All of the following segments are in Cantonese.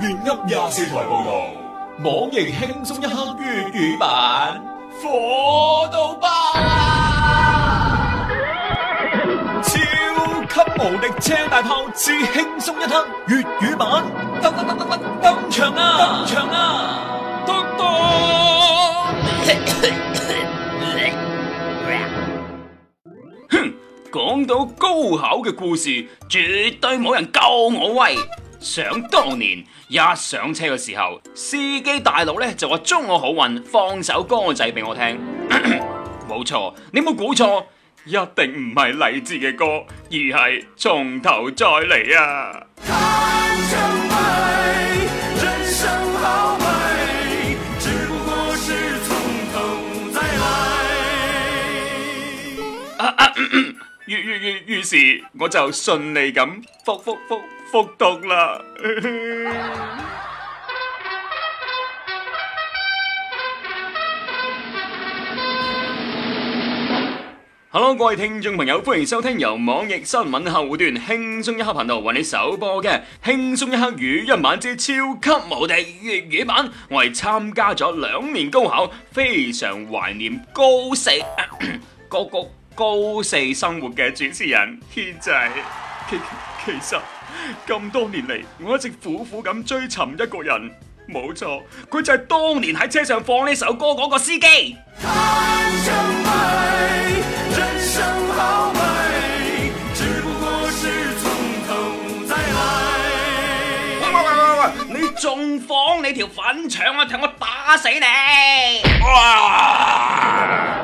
原音廿四台報道，網易輕鬆一刻粵語版，火到爆，超級無敵車大炮之輕鬆一刻粵語版，登登登登登，登場啊！登場啊！登登！講到高考嘅故事，絕對冇人救我威。想當年一上車嘅時候，司機大佬呢就話祝我好運，放首歌仔俾我聽。冇錯，你冇估錯，一定唔係勵志嘅歌，而係從頭再嚟啊！看成敗，人生豪邁，只不過是從頭再來。於於於於是我就順利咁復復復復讀啦。Hello，各位聽眾朋友，歡迎收聽由網易新聞客戶端輕鬆一刻頻道為你首播嘅《輕鬆一刻語音版之超級無敵粵語版》。我係參加咗兩年高考，非常懷念高四歌曲。高四生活嘅主持人軒仔。其實其實，咁多年嚟，我一直苦苦咁追尋一個人，冇錯，佢就係當年喺車上放呢首歌嗰個司機。人生豪邁，只不過係從頭再來。喂喂喂喂喂，你仲放你條粉腸啊！睇我打死你！啊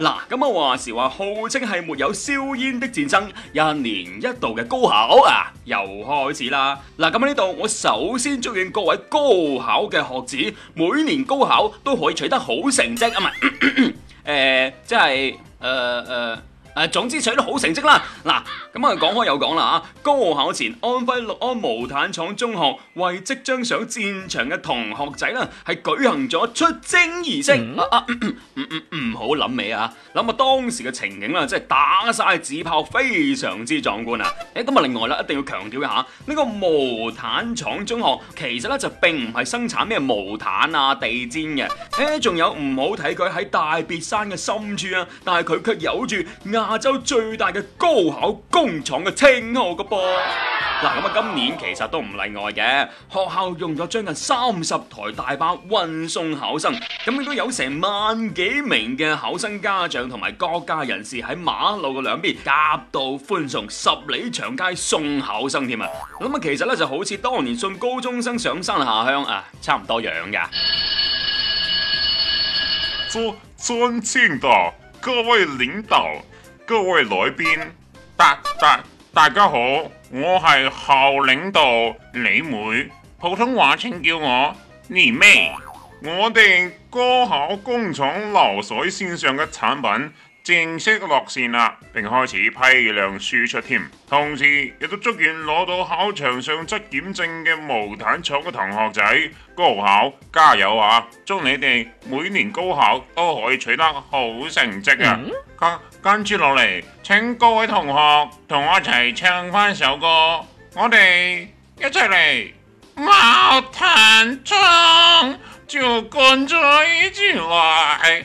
嗱，咁啊話時話，號稱係沒有硝煙的戰爭，一年一度嘅高考啊，又開始啦！嗱、啊，咁喺呢度，我首先祝願各位高考嘅學子，每年高考都可以取得好成績 啊！咪，誒、呃，即係，誒、呃、誒。呃誒、啊，總之取得好成績啦！嗱、啊，咁啊講開又講啦吓，高考前安徽六安毛坦廠中學為即將上戰場嘅同學仔呢，係舉行咗出征儀式。唔好諗尾啊，諗啊，咳咳、嗯嗯嗯、想啊想當時嘅情景啦，真係打晒紙炮，非常之壯觀啊！誒、欸，咁啊另外啦，一定要強調一下，呢、這個毛坦廠中學其實呢，就並唔係生產咩毛毯啊、地氈嘅。誒、欸，仲有唔好睇佢喺大別山嘅深處啊，但係佢卻有住。亞洲最大嘅高考工廠嘅稱號嘅噃，嗱咁啊，今年其實都唔例外嘅。學校用咗將近三十台大巴運送考生，咁亦都有成萬幾名嘅考生家長同埋各界人士喺馬路嘅兩邊夾道歡送十里長街送考生添啊！咁啊，其實咧就好似當年送高中生上山下鄉啊，差唔多樣噶。尊尊敬的各位領導。各位來賓，大大大家好，我係校領導李妹，普通話請叫我你妹。我哋高考工廠流水線上嘅產品。正式落線啦，並開始批量輸出添。同時亦都祝願攞到考場上質檢證嘅毛坦廠嘅同學仔，高考加油啊！祝你哋每年高考都可以取得好成績啊！嗯、跟跟住落嚟，請各位同學同我一齊唱翻首歌，我哋一齊嚟毛坦廠就跟着一起來。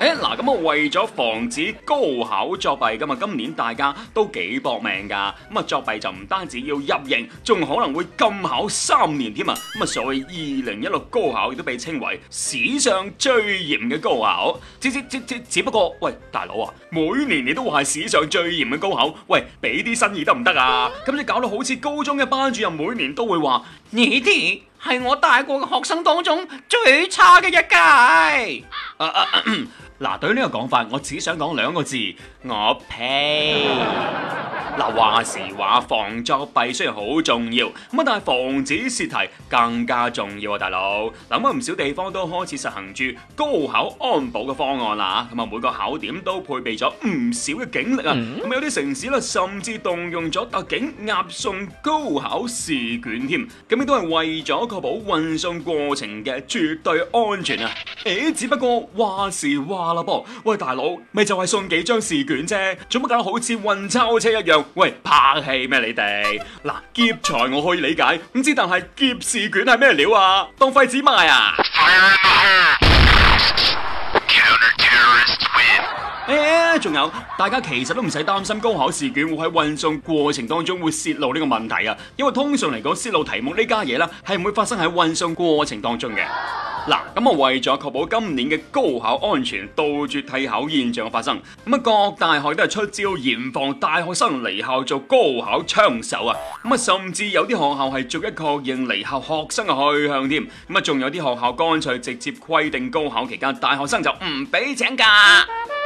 誒，嗱、哎，咁啊為咗防止高考作弊噶嘛，今年大家都幾搏命噶，咁啊作弊就唔單止要入刑，仲可能會禁考三年添啊！咁啊，所謂二零一六高考亦都被稱為史上最嚴嘅高考，只只只只不過，喂，大佬啊，每年你都話史上最嚴嘅高考，喂，俾啲新意得唔得啊？咁你搞到好似高中嘅班主任每年都會話：你哋係我帶過嘅學生當中最差嘅一屆。啊啊咳咳嗱、啊，對於呢個講法，我只想講兩個字：我呸！嗱、嗯啊，話時話防作弊雖然好重要，咁啊，但係防止洩題更加重要啊，大佬。咁啊，唔少地方都開始實行住高考安保嘅方案啦，咁啊，啊，每個考點都配備咗唔少嘅警力、嗯、啊，咁啊，有啲城市咧甚至動用咗特警押送高考試卷添，咁、啊、亦都係為咗確保運送過程嘅絕對安全啊！誒、欸、只不過話時話。啊、喂，大佬，咪就係送幾張試卷啫，做乜搞到好似運鈔車一樣？喂，拍戲咩你哋？嗱， 劫財我可以理解，唔知，但係劫試卷係咩料啊？當廢紙賣啊？ 誒，仲有，大家其實都唔使擔心高考試卷會喺運送過程當中會泄露呢個問題啊，因為通常嚟講，泄露題目呢家嘢啦，係唔會發生喺運送過程當中嘅。嗱，咁啊為咗確保今年嘅高考安全，杜絕替考現象嘅發生，咁啊各大學都係出招嚴防大學生離校做高考槍手啊，咁啊甚至有啲學校係逐一確認離校學生嘅去向添，咁啊仲有啲學校乾脆直接規定高考期間大學生就唔俾請假。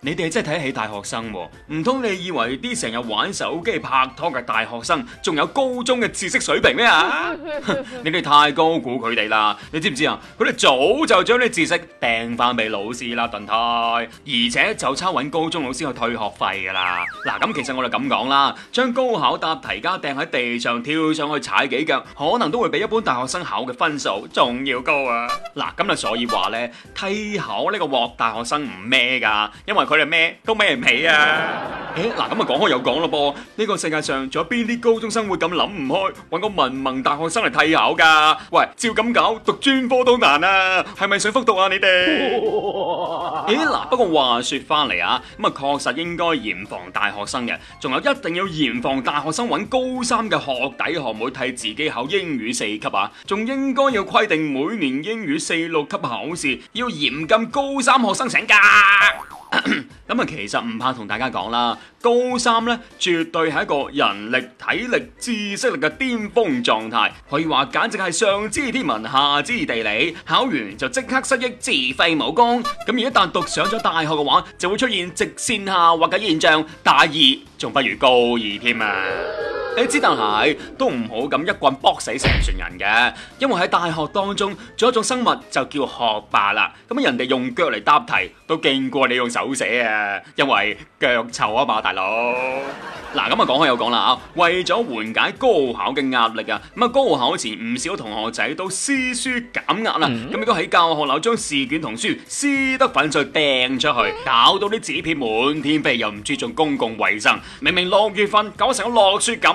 你哋真係睇得起大學生，啊，唔通你以為啲成日玩手機拍拖嘅大學生仲有高中嘅知識水平咩啊？ 你哋太高估佢哋啦！你知唔知啊？佢哋早就將啲知識掟翻俾老師啦，頓太，而且就差搵高中老師去退學費噶啦。嗱，咁其實我就咁講啦，將高考答題卡掟喺地上跳上去踩幾腳，可能都會比一般大學生考嘅分數仲要高啊！嗱，咁啊，所以話呢，替考呢個鑊大學生唔咩噶，因為。佢係咩都咩唔起啊！誒嗱，咁啊講開又講咯噃。呢個世界上仲有邊啲高中生會咁諗唔開，揾個文盲大學生嚟替考㗎？喂，照咁搞讀專科都難啊！係咪想復讀啊？你哋，誒嗱，不過話説翻嚟啊，咁啊確實應該嚴防大學生嘅，仲有一定要嚴防大學生揾高三嘅學弟學妹替自己考英語四級啊！仲應該要規定每年英語四六級考試要嚴禁高三學生請假。咁啊，其實唔怕同大家講啦，高三呢，絕對係一個人力、體力、知識力嘅巔峰狀態，可以話簡直係上知天文，下知地理，考完就即刻失憶，自廢武功。咁而一旦讀上咗大學嘅話，就會出現直線下滑嘅現象，大二仲不如高二添啊！你知，但係都唔好咁一棍剝死成船人嘅，因為喺大學當中仲有一種生物就叫學霸啦。咁啊人哋用腳嚟答題都勁過你用手寫啊，因為腳臭啊嘛，大佬。嗱，咁啊講開又講啦啊，為咗緩解高考嘅壓力啊，咁啊高考前唔少同學仔都撕書減壓啦。咁亦都喺教學樓將試卷同書撕得粉碎掟出去，搞到啲紙片滿天飛，又唔注重公共衞生，明明六月份搞成個落雪咁。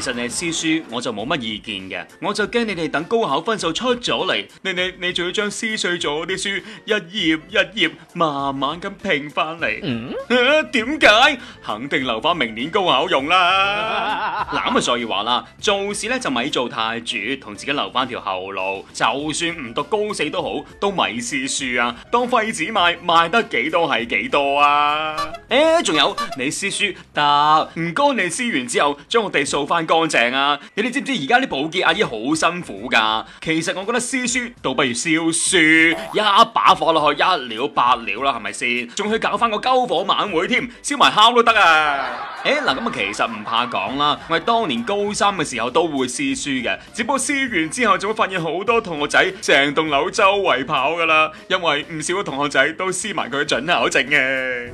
其實你撕書我就冇乜意見嘅，我就驚你哋等高考分數出咗嚟，你你你仲要將撕碎咗啲書一頁一頁慢慢咁拼翻嚟？點解、嗯啊？肯定留翻明年高考用啦。嗱咁啊,啊，所以話啦，做事咧就咪做太絕，同自己留翻條後路。就算唔讀高四都好，都咪撕書啊，當廢紙賣，賣得幾多係幾多啊？誒、欸，仲有你撕書答唔該，你撕完之後將我哋掃翻。乾淨啊！你哋知唔知而家啲保潔阿姨好辛苦噶？其實我覺得撕書倒不如燒書，一把火落去一了百了啦，係咪先？仲去搞翻個篝火晚會添，燒埋烤都得啊！誒、欸，嗱咁啊，其實唔怕講啦，我係當年高三嘅時候都會撕書嘅，只不過撕完之後就會發現好多同學仔成棟樓周圍跑噶啦，因為唔少嘅同學仔都撕埋佢嘅準考證嘅。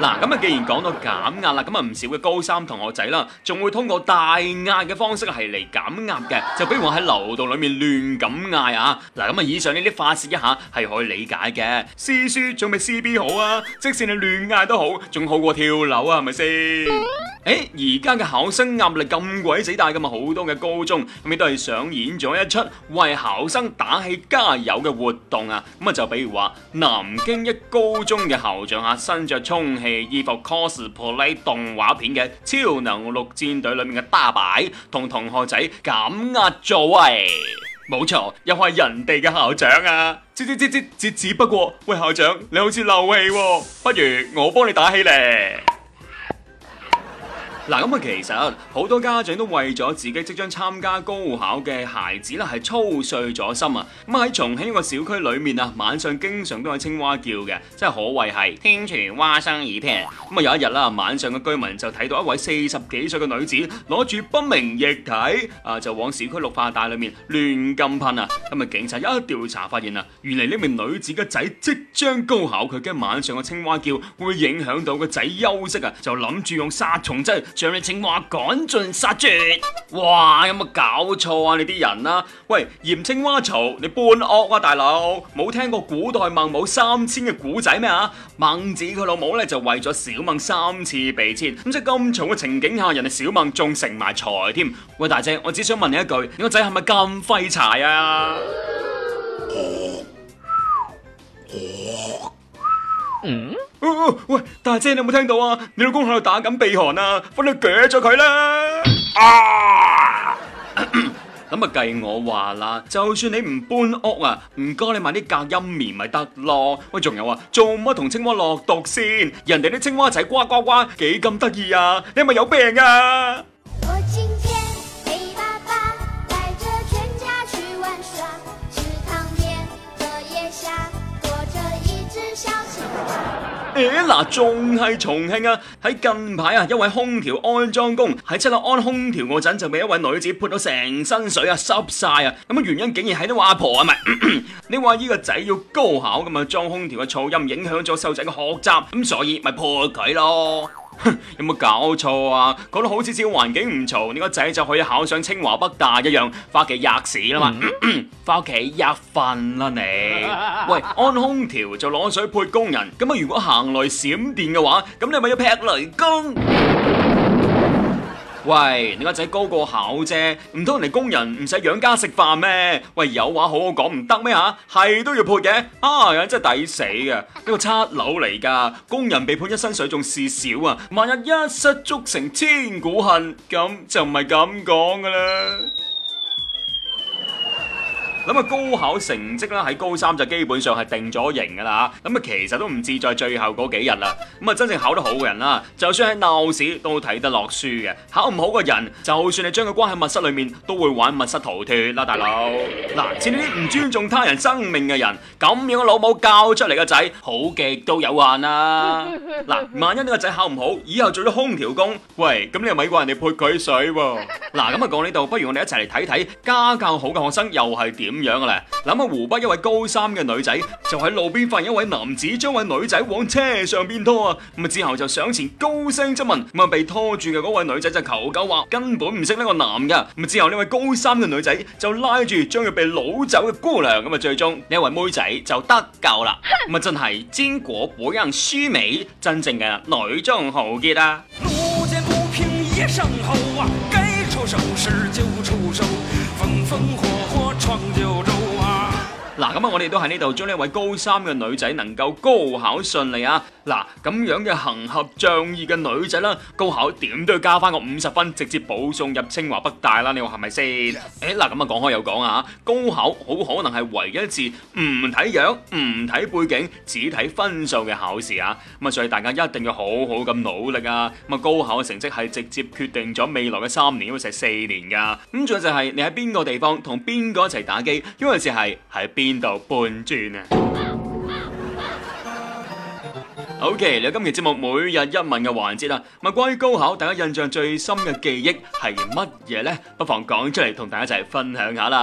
嗱，咁啊，既然講到減壓啦，咁啊，唔少嘅高三同學仔啦，仲會通過大嗌嘅方式係嚟減壓嘅，就比如我喺樓道裏面亂咁嗌啊！嗱，咁啊，以上呢啲發泄一下係可以理解嘅，試書仲比 C B 好啊，即使你亂嗌都好，仲好過跳樓啊，係咪先？誒、 欸，而家嘅考生壓力咁鬼死大㗎嘛，好多嘅高中咁你都係上演咗一出為考生打氣加油嘅活動啊，咁啊，就比如話。南京一高中嘅校長啊，身着充氣衣服 cosplay 動畫片嘅《超能陸戰隊》裏面嘅大白，同同學仔減壓作位。冇錯，又係人哋嘅校長啊！只只只只只只不過，喂校長，你好似漏氣，啊，不如我幫你打氣咧。嗱咁啊，其實好多家長都為咗自己即將參加高考嘅孩子咧，係操碎咗心啊！咁喺重慶個小區裏面啊，晚上經常都有青蛙叫嘅，真係可謂係聽取蛙聲一片。咁啊有一日啦，晚上嘅居民就睇到一位四十幾歲嘅女子攞住不明液體啊，就往小區綠化帶裏面亂咁噴啊！咁啊，警察一調查發現啊，原嚟呢名女子嘅仔即將高考，佢驚晚上嘅青蛙叫會影響到個仔休息啊，就諗住用殺蟲劑。將啲青蛙趕盡殺絕！哇，有冇搞錯啊？你啲人啊，喂，嫌青蛙嘈，你搬屋啊，大佬！冇聽過古代孟母三遷嘅古仔咩啊？孟子佢老母咧就為咗小孟三次避遷，咁即係咁重嘅情景下，人哋小孟仲成埋才添。喂，大姐，我只想問你一句，你個仔係咪咁廢柴啊？嗯，喂，大姐你有冇聽到啊？你老公喺度打緊鼻鼾啊，翻去鋸咗佢啦！啊，咁啊計我話啦，就算你唔搬屋啊，唔該你買啲隔音棉咪得咯。喂，仲有啊，做乜同青蛙落毒先？人哋啲青蛙仔呱呱呱，幾咁得意啊？你係咪有病啊？嗱，仲係重慶啊！喺近排啊，一位空調安裝工喺七樓安空調嗰陣，就俾一位女子潑到成身水啊，濕晒啊！咁啊原因竟然喺呢個阿婆係咪？ 你話呢個仔要高考咁啊，裝空調嘅噪音影響咗細仔嘅學習，咁所以咪破佢咯。 有冇搞錯啊？講到好似只要環境唔嘈，你、這個仔就可以考上清華北大一樣？翻屋企吔屎啦嘛！翻屋企吔飯啦你！ 喂，安空調就攞水潑工人。咁啊，如果行雷閃電嘅話，咁你咪要劈雷公？喂，你家仔高過考啫，唔通人哋工人唔使養家食飯咩？喂，有話好好講唔得咩？吓，係都要潑嘅，啊，真係抵死嘅，呢個差佬嚟噶，工人被判一身水仲事少啊，萬日一失足成千古恨，咁就唔係咁講噶啦。咁啊，高考成績啦，喺高三就基本上係定咗型噶啦。咁啊，其實都唔志在最後嗰幾日啦。咁啊，真正考得好嘅人啦，就算喺鬧市都睇得落書嘅。考唔好嘅人，就算你將佢關喺密室裏面，都會玩密室逃脫啦，大佬。嗱，似呢啲唔尊重他人生命嘅人，咁樣嘅老母教出嚟嘅仔，好極都有限啦啊。嗱，萬一呢個仔考唔好，以後做咗空調工，喂，咁你又咪怪人哋潑佢水噃？嗱，咁啊，講呢度，不如我哋一齊嚟睇睇家教好嘅學生又係點。咁樣噶啦，諗下湖北一位高三嘅女仔就喺路邊發現一位男子將位女仔往車上邊拖啊，咁啊之後就上前高聲質問，咁啊被拖住嘅嗰位女仔就求救話根本唔識呢個男嘅，咁之後呢位高三嘅女仔就拉住將要被擄走嘅姑娘，咁啊最終呢位妹仔就得救啦，咁啊 真係巾幗不讓鬚眉，真正嘅女中豪傑啊！路見不平一聲吼啊！該出手時就出手，手。嗱，咁啊，我哋都喺呢度將呢一位高三嘅女仔能夠高考順利啊！嗱，咁樣嘅行俠仗義嘅女仔啦，高考點都要加翻個五十分，直接保送入清華北大啦！你話係咪先？誒、嗯，嗱、欸，咁啊講開又講啊，高考好可能係唯一一次唔睇樣、唔睇背景、只睇分數嘅考試啊！咁啊，所以大家一定要好好咁努力啊！咁啊，高考嘅成績係直接決定咗未來嘅三年，因為成四年噶。咁仲有就係你喺邊個地方同邊個一齊打機，因為就係喺邊。邊度半轉啊？好嘅，嚟今期節目每日一問嘅環節啦。咁啊，關於高考，大家印象最深嘅記憶係乜嘢咧？不妨講出嚟同大家一齊分享下啦。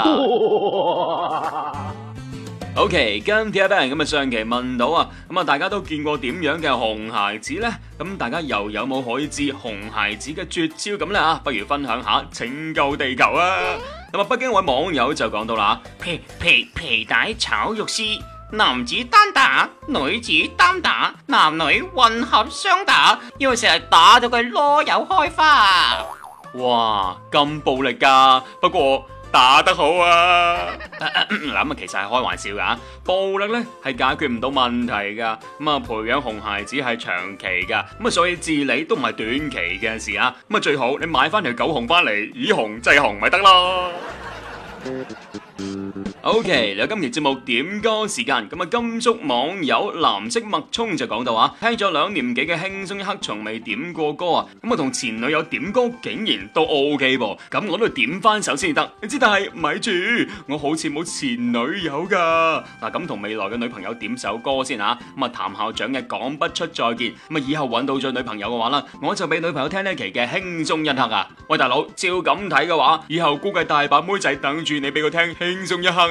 好嘅，今天呢班人咁啊，上期問到啊，咁啊，大家都見過點樣嘅紅孩子咧？咁大家又有冇可以知紅孩子嘅絕招咁咧啊？不如分享下拯救地球啊！北京一位網友就講到啦，皮皮皮帶炒肉絲，男子單打，女子單打，男女混合雙打，因為成日打到佢囉柚開花，哇！咁暴力噶、啊，不過。打得好啊！嗱啊，啊，其實係開玩笑噶，啊，暴力咧係解決唔到問題噶。咁啊，培養熊孩子係長期噶，咁啊，所以治理都唔係短期嘅事啊。咁啊，最好你買翻條狗熊翻嚟以熊制熊咪得咯。 O、okay, K，有今期節目點歌時間，咁啊，甘肅網友藍色脈衝就講到啊，聽咗兩年幾嘅輕鬆一刻，從未點過歌啊，咁啊，同前女友點歌竟然都 O K 噃，咁我都點翻首先得，你知。但係咪住，我好似冇前女友噶，嗱，咁同未來嘅女朋友點首歌先吓，咁啊，譚校長嘅講不出再見，咁啊，以後揾到咗女朋友嘅話啦，我就俾女朋友聽呢期嘅輕鬆一刻啊，喂，大佬，照咁睇嘅話，以後估計大把妹仔等住你俾佢聽輕鬆一刻。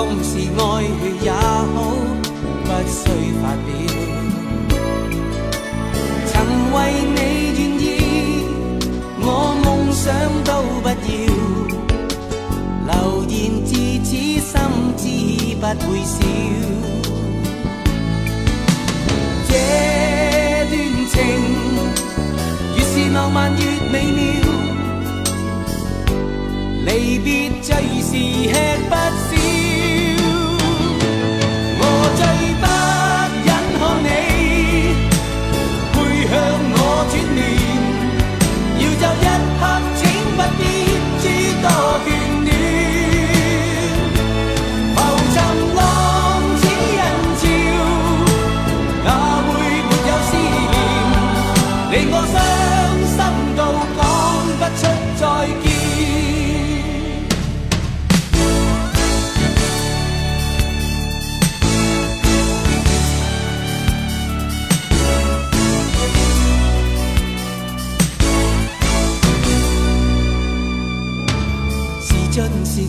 縱是愛佢也好，不需發表。曾為你願意，我夢想都不要。流言自此心知不會少。這段情越是浪漫越美妙，離別最是吃不消。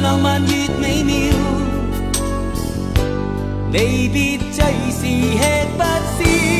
浪漫越美妙，離別最是吃不消。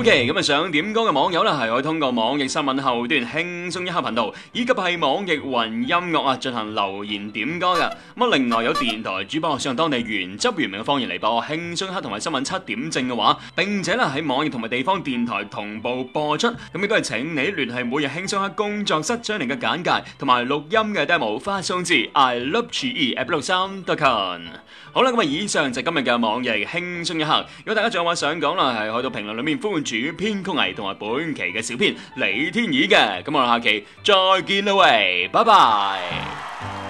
O.K. 咁啊，想點歌嘅網友呢，係可以通過網易新聞後端《輕鬆一刻》頻道，以及係網易雲音樂啊，進行留言點歌㗎。咁啊，另外有電台主播使用當地原汁原味嘅方言嚟播《輕鬆一刻》同埋新聞七點正嘅話，並且呢，喺網易同埋地方電台同步播出。咁亦都係請你聯繫每日《輕鬆一刻》工作室將你嘅簡介同埋錄音嘅 demo 發送至 iLoveCheeApp 六三 dotcom。好啦，咁啊，以上就係今日嘅網易《輕鬆一刻》。如果大家仲有話想講啦，係去到評論裏面歡迎。主編曲藝，同埋本期嘅小編李天宇嘅，咁我哋下期再見啦喂，拜拜。